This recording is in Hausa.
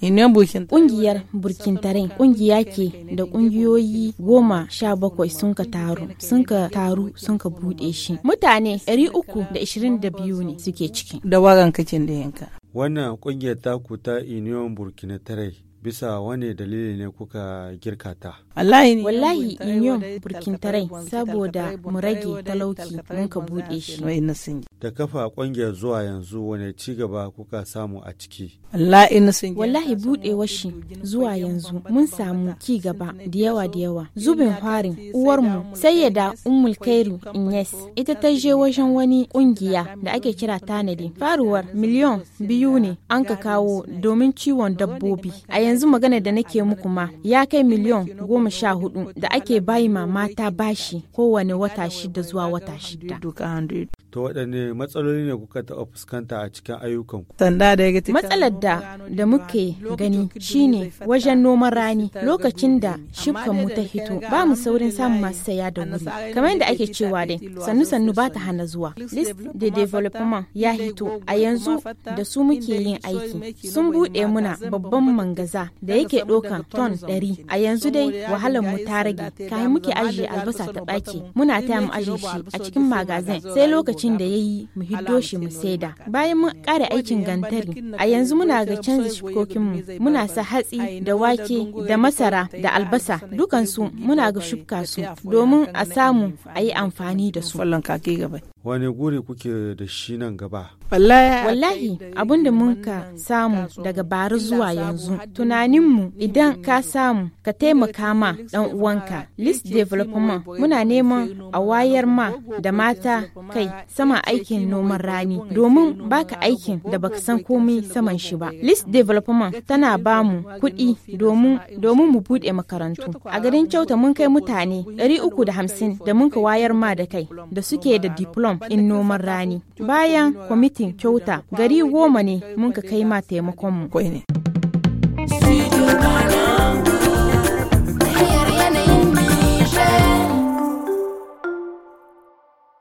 Ƙungiyar Burkintaren ƙungiya ke da ƙungiyoyi goma sha bakwai sun ka taru, sun ka taru sun ka buɗe shi. Mutane uku da da ɗari biyu ne suke ciki. Da wagan kacin da yanka. Wannan ƙungiyar taku ta Union Burkina Tarai bisa wane dalili ne kuka girka ta? Wallahi Wallahi burkin burkintarai saboda mu rage talauki mun ka bude shi. Da kafa ƙungiyar zuwa yanzu wane ci gaba kuka samu a ciki? Wallahi buɗewar shi zuwa yanzu mun samu ci gaba da yawa da yawa. Zubin farin uwarmu sayyada Ummul Kairu Inyes ita ta je wajen wani ƙungiya da ake kira tanadi. Faruwar miliyon biyu ne an ka kawo domin ciwon dabbobi. A yanzu magana da nake muku ma ya kai miliyon goma sha hudu da ake bayi ma mata bashi kowane wata shida zuwa wata shida. to waɗanne matsaloli ne kuka taɓa fuskanta a cikin ayyukanku? ku. Matsalar da da muke gani shine wajen noman rani lokacin da shifkan mu ta hito ba mu saurin samun masu saya da wuri. Kamar yadda ake cewa dai sannu sannu ba ta hana zuwa. List de development ya hito a yanzu da su muke yin aiki. Sun buɗe muna babban mangaza da yake ɗaukan ton ɗari. A yanzu dai wahalar mu ta rage kayan muke ajiye albasa ta ɓaki muna taya mu ajiye shi a cikin magazin sai lokaci lokacin da ya yi mu hiddo shi mu saida bayan mun kare aikin gantari a yanzu muna ga canza shukokinmu muna sa hatsi da wake da masara da albasa dukansu muna ga shukka su domin a samu a yi amfani da su wani guri kuke da shi nan gaba? Wallahi abin da ka samu daga bari zuwa yanzu tunaninmu idan ka samu ka taimaka ma dan uwanka list development muna neman a wayar ma da mata kai sama aikin noman rani domin baka aikin da baka san komai saman shi ba list development tana ba mu kuɗi domin mu buɗe makarantu a garin kyauta mun kai mutane 350 da mun ka wayar ma da kai da suke da diploma diplom in noman rani. Bayan kwamitin kyauta gari goma ne mun ka kai ma taimakonmu. Studio